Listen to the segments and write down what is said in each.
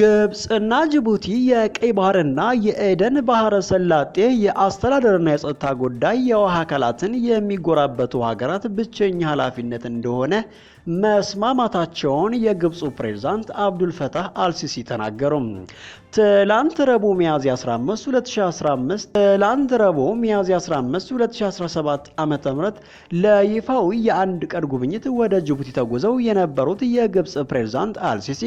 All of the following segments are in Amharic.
ግብፅና ጅቡቲ የቀይ ባህርና የኤደን ባህረ ሰላጤ የአስተዳደርና የጸጥታ ጉዳይ የውሃ አካላትን የሚጎራበቱ ሀገራት ብቸኛ ኃላፊነት እንደሆነ መስማማታቸውን የግብፁ ፕሬዝዳንት አብዱልፈታህ አልሲሲ ተናገሩ። ትላንት ረቡዕ ሚያዝያ 15 2015 ትላንት ረቡዕ ሚያዝያ 15 2017 ዓ.ም ለይፋዊ የአንድ ቀን ጉብኝት ወደ ጅቡቲ ተጉዘው የነበሩት የግብፅ ፕሬዝዳንት አልሲሲ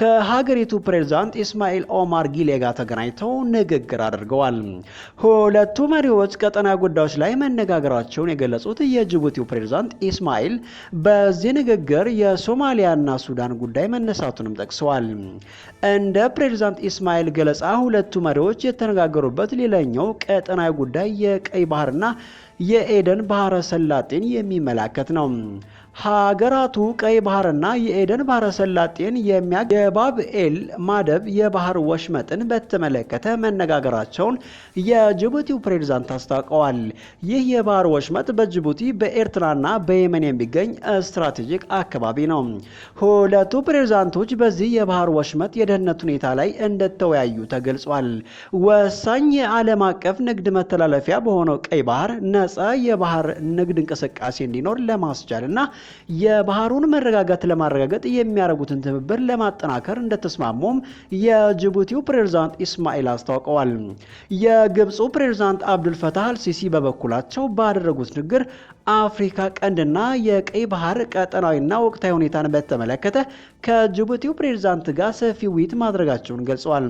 ከሀገሪቱ ፕሬዝዳንት ኢስማኤል ኦማር ጊሌ ጋር ተገናኝተው ንግግር አድርገዋል። ሁለቱ መሪዎች ቀጠና ጉዳዮች ላይ መነጋገራቸውን የገለጹት የጅቡቲው ፕሬዝዳንት ኢስማኤል በዚህ ንግግር የሶማሊያና ሱዳን ጉዳይ መነሳቱንም ጠቅሰዋል። እንደ ፕሬዝዳንት ኢስማኤል ገለጻ ሁለቱ መሪዎች የተነጋገሩበት ሌላኛው ቀጠናዊ ጉዳይ የቀይ ባህርና የኤደን ባህረ ሰላጤን የሚመላከት ነው። ሀገራቱ ቀይ ባህርና የኤደን ባህረ ሰላጤን የሚያ የባብኤል ማደብ የባህር ወሽመጥን በተመለከተ መነጋገራቸውን የጅቡቲው ፕሬዝዳንት አስታውቀዋል። ይህ የባህር ወሽመጥ በጅቡቲ በኤርትራና በየመን የሚገኝ ስትራቴጂክ አካባቢ ነው። ሁለቱ ፕሬዝዳንቶች በዚህ የባህር ወሽመጥ የደህንነት ሁኔታ ላይ እንደተወያዩ ተገልጿል። ወሳኝ የዓለም አቀፍ ንግድ መተላለፊያ በሆነው ቀይ ባህር ነጻ የባህር ንግድ እንቅስቃሴ እንዲኖር ለማስቻልና የባህሩን መረጋጋት ለማረጋገጥ የሚያደርጉትን ትብብር ለማጠናከር እንደተስማሙም የጅቡቲው ፕሬዝዳንት ኢስማኤል አስታውቀዋል። የግብፁ ፕሬዝዳንት አብዱልፈታህ አልሲሲ በበኩላቸው ባደረጉት ንግግር አፍሪካ ቀንድና የቀይ ባህር ቀጠናዊና ወቅታዊ ሁኔታን በተመለከተ ከጅቡቲው ፕሬዝዳንት ጋር ሰፊ ውይይት ማድረጋቸውን ገልጸዋል።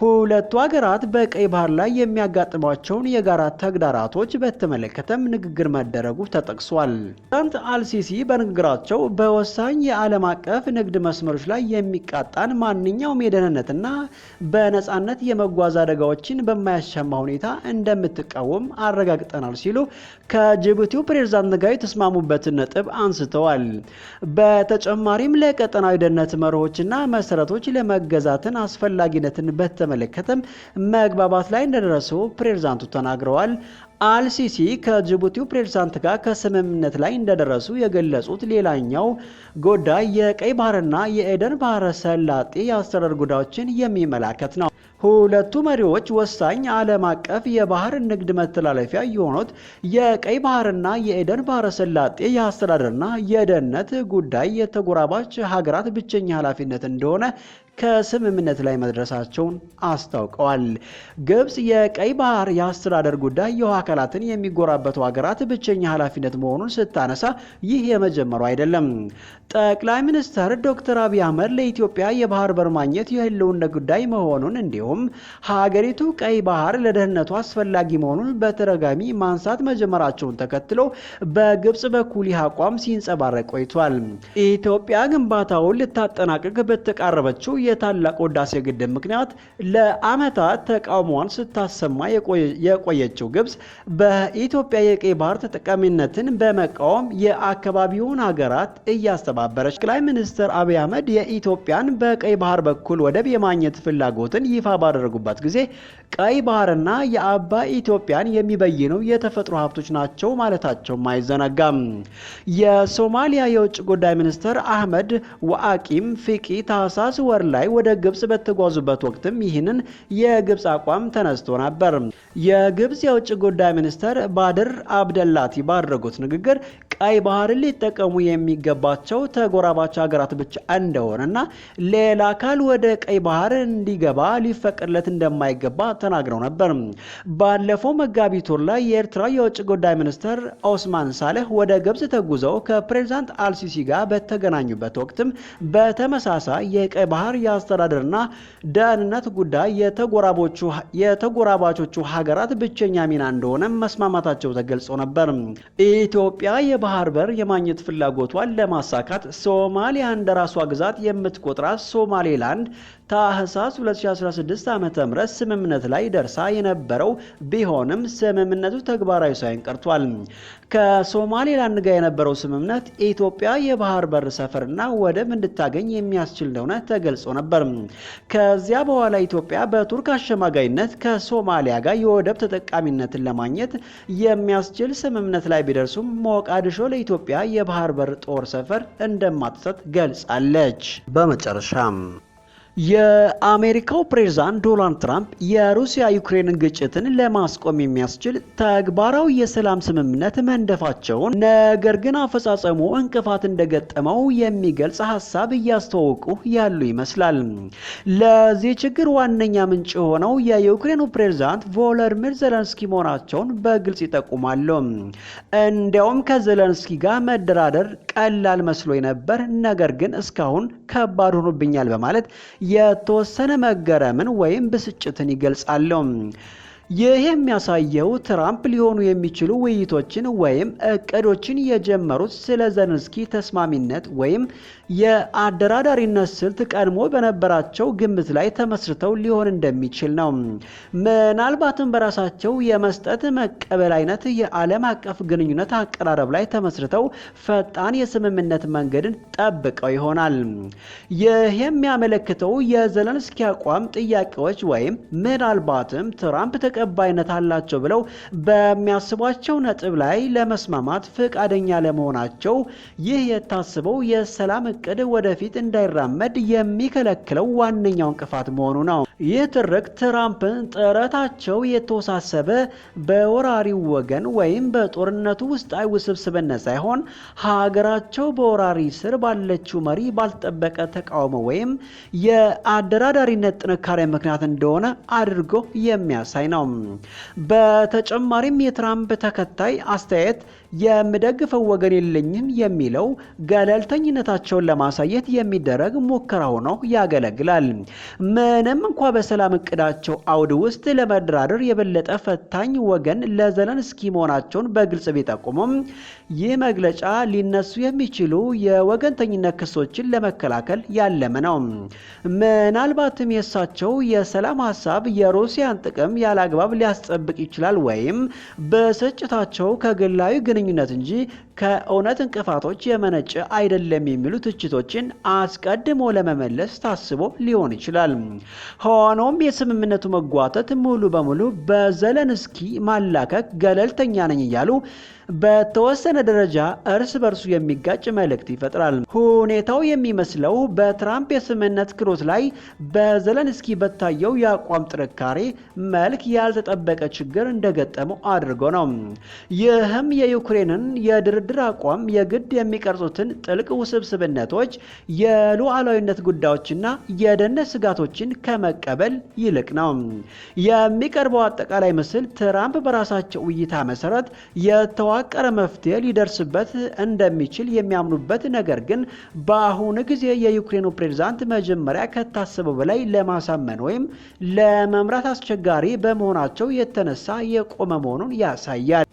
ሁለቱ ሀገራት በቀይ ባህር ላይ የሚያጋጥሟቸውን የጋራ ተግዳራቶች በተመለከተም ንግግር መደረጉ ተጠቅሷል። ፕሬዝዳንት አልሲሲ በንግግራቸው በወሳኝ የዓለም አቀፍ ንግድ መስመሮች ላይ የሚቃጣን ማንኛውም የደህንነትና በነፃነት የመጓዝ አደጋዎችን በማያሻማ ሁኔታ እንደምትቃወም አረጋግጠናል ሲሉ ከጅቡቲው ፕሬዚዳንት ፕሬዝዳንት ጋር የተስማሙበትን ነጥብ አንስተዋል። በተጨማሪም ለቀጠናዊ ደህንነት መርሆችና መሰረቶች ለመገዛትን አስፈላጊነትን በተመለከተም መግባባት ላይ እንደደረሱ ፕሬዝዳንቱ ተናግረዋል። አልሲሲ ከጅቡቲው ፕሬዝዳንት ጋር ከስምምነት ላይ እንደደረሱ የገለጹት ሌላኛው ጉዳይ የቀይ ባህርና የኤደን ባህረ ሰላጤ የአስተዳደር ጉዳዮችን የሚመላከት ነው። ሁለቱ መሪዎች ወሳኝ ዓለም አቀፍ የባህር ንግድ መተላለፊያ የሆኑት የቀይ ባህርና የኤደን ባህረ ሰላጤ የአስተዳደርና የደህንነት ጉዳይ የተጎራባች ሀገራት ብቸኛ ኃላፊነት እንደሆነ ከስምምነት ላይ መድረሳቸውን አስታውቀዋል። ግብጽ የቀይ ባህር የአስተዳደር ጉዳይ የውሃ አካላትን የሚጎራበቱ ሀገራት ብቸኛ ኃላፊነት መሆኑን ስታነሳ ይህ የመጀመሩ አይደለም። ጠቅላይ ሚኒስትር ዶክተር አብይ አህመድ ለኢትዮጵያ የባህር በር ማግኘት የህልውና ጉዳይ መሆኑን እንዲሁም ሀገሪቱ ቀይ ባህር ለደህንነቱ አስፈላጊ መሆኑን በተደጋጋሚ ማንሳት መጀመራቸውን ተከትሎ በግብጽ በኩል ይህ አቋም ሲንጸባረቅ ቆይቷል። ኢትዮጵያ ግንባታውን ልታጠናቅቅ በተቃረበችው የታላቅ ህዳሴ ግድብ ምክንያት ለዓመታት ተቃውሞዋን ስታሰማ የቆየችው ግብጽ በኢትዮጵያ የቀይ ባህር ተጠቃሚነትን በመቃወም የአካባቢውን ሀገራት እያስተባበረች ጠቅላይ ሚኒስትር አብይ አህመድ የኢትዮጵያን በቀይ ባህር በኩል ወደብ የማግኘት ፍላጎትን ይፋ ባደረጉበት ጊዜ ቀይ ባህርና የአባይ ኢትዮጵያን የሚበይኑ የተፈጥሮ ሀብቶች ናቸው ማለታቸውም አይዘነጋም። የሶማሊያ የውጭ ጉዳይ ሚኒስትር አህመድ ዋአቂም ፊቂ ታህሳስ ወር ላይ ወደ ግብጽ በተጓዙበት ወቅትም ይህንን የግብጽ አቋም ተነስቶ ነበር። የግብጽ የውጭ ጉዳይ ሚኒስተር ባድር አብደላቲ ባደረጉት ንግግር ቀይ ባህርን ሊጠቀሙ የሚገባቸው ተጎራባች ሀገራት ብቻ እንደሆነና ሌላ አካል ወደ ቀይ ባህር እንዲገባ ሊፈቅድለት እንደማይገባ ተናግረው ነበር። ባለፈው መጋቢት ወር ላይ የኤርትራ የውጭ ጉዳይ ሚኒስትር ኦስማን ሳሌህ ወደ ግብጽ ተጉዘው ከፕሬዚዳንት አልሲሲ ጋር በተገናኙበት ወቅትም በተመሳሳይ የቀይ ባህር የአስተዳደርና ደህንነት ጉዳይ የተጎራባቾቹ ሀገራት ብቸኛ ሚና እንደሆነ መስማማታቸው ተገልጾ ነበር። ኢትዮጵያ የባህር በር የማግኘት ፍላጎቷን ለማሳካት ሶማሊያ እንደ ራሷ ግዛት የምትቆጥራት ሶማሌላንድ ታህሳስ 2016 ዓ ም ስምምነት ላይ ደርሳ የነበረው ቢሆንም ስምምነቱ ተግባራዊ ሳይሆን ቀርቷል። ከሶማሌላንድ ጋር የነበረው ስምምነት ኢትዮጵያ የባህር በር ሰፈርና ወደብ እንድታገኝ የሚያስችል እንደሆነ ተገልጾ ነበር። ከዚያ በኋላ ኢትዮጵያ በቱርክ አሸማጋይነት ከሶማሊያ ጋር የወደብ ተጠቃሚነትን ለማግኘት የሚያስችል ስምምነት ላይ ቢደርሱም ሞቃዲሾ ለኢትዮጵያ የባህር በር ጦር ሰፈር እንደማትሰጥ ገልጻለች። በመጨረሻም የአሜሪካው ፕሬዝዳንት ዶናልድ ትራምፕ የሩሲያ ዩክሬንን ግጭትን ለማስቆም የሚያስችል ተግባራዊ የሰላም ስምምነት መንደፋቸውን ነገር ግን አፈጻጸሙ እንቅፋት እንደገጠመው የሚገልጽ ሀሳብ እያስተዋወቁ ያሉ ይመስላል። ለዚህ ችግር ዋነኛ ምንጭ የሆነው የዩክሬኑ ፕሬዝዳንት ቮሎድሚር ዘለንስኪ መሆናቸውን በግልጽ ይጠቁማሉ። እንዲያውም ከዘለንስኪ ጋር መደራደር ቀላል መስሎ ነበር፣ ነገር ግን እስካሁን ከባድ ሆኖብኛል በማለት የተወሰነ መገረምን ወይም ብስጭትን ይገልጻሉ። ይህ የሚያሳየው ትራምፕ ሊሆኑ የሚችሉ ውይይቶችን ወይም እቅዶችን የጀመሩት ስለ ዘለንስኪ ተስማሚነት ወይም የአደራዳሪነት ስልት ቀድሞ በነበራቸው ግምት ላይ ተመስርተው ሊሆን እንደሚችል ነው። ምናልባትም በራሳቸው የመስጠት መቀበል አይነት የዓለም አቀፍ ግንኙነት አቀራረብ ላይ ተመስርተው ፈጣን የስምምነት መንገድን ጠብቀው ይሆናል። ይህ የሚያመለክተው የዘለንስኪ አቋም ጥያቄዎች ወይም ምናልባትም ትራምፕ ተቀባይነት አላቸው ብለው በሚያስቧቸው ነጥብ ላይ ለመስማማት ፈቃደኛ ለመሆናቸው ይህ የታስበው የሰላም እቅድ ወደፊት እንዳይራመድ የሚከለክለው ዋነኛው እንቅፋት መሆኑ ነው። ይህ ትርክ ትራምፕን ጥረታቸው የተወሳሰበ በወራሪው ወገን ወይም በጦርነቱ ውስጣዊ ውስብስብነት ሳይሆን ሀገራቸው በወራሪ ስር ባለችው መሪ ባልጠበቀ ተቃውሞ ወይም የአደራዳሪነት ጥንካሬ ምክንያት እንደሆነ አድርጎ የሚያሳይ ነው። በተጨማሪም የትራምፕ ተከታይ አስተያየት የምደግፈው ወገን የለኝም የሚለው ገለልተኝነታቸውን ለማሳየት የሚደረግ ሙከራ ሆኖ ያገለግላል። ምንም እንኳ በሰላም እቅዳቸው አውድ ውስጥ ለመደራደር የበለጠ ፈታኝ ወገን ለዘለንስኪ መሆናቸውን በግልጽ ቢጠቁሙም ይህ መግለጫ ሊነሱ የሚችሉ የወገንተኝነት ክሶችን ለመከላከል ያለመ ነው። ምናልባትም የእሳቸው የሰላም ሀሳብ የሩሲያን ጥቅም ያላ አግባብ ሊያስጠብቅ ይችላል ወይም ብስጭታቸው ከግላዊ ግንኙነት እንጂ ከእውነት እንቅፋቶች የመነጨ አይደለም የሚሉ ትችቶችን አስቀድሞ ለመመለስ ታስቦ ሊሆን ይችላል። ሆኖም የስምምነቱ መጓተት ሙሉ በሙሉ በዘለንስኪ ማላከክ ገለልተኛ ነኝ እያሉ በተወሰነ ደረጃ እርስ በርሱ የሚጋጭ መልእክት ይፈጥራል። ሁኔታው የሚመስለው በትራምፕ የስምምነት ክሎት ላይ በዘለንስኪ በታየው የአቋም ጥንካሬ መልክ ያልተጠበቀ ችግር እንደገጠመው አድርጎ ነው። ይህም የዩክሬንን የድርድር አቋም የግድ የሚቀርጹትን ጥልቅ ውስብስብነቶች፣ የሉዓላዊነት ጉዳዮችና የደህንነት ስጋቶችን ከመቀበል ይልቅ ነው። የሚቀርበው አጠቃላይ ምስል ትራምፕ በራሳቸው እይታ መሰረት የተዋ የተዋቀረ መፍትሄ ሊደርስበት እንደሚችል የሚያምኑበት ነገር ግን በአሁኑ ጊዜ የዩክሬኑ ፕሬዝዳንት መጀመሪያ ከታሰበው በላይ ለማሳመን ወይም ለመምራት አስቸጋሪ በመሆናቸው የተነሳ የቆመ መሆኑን ያሳያል።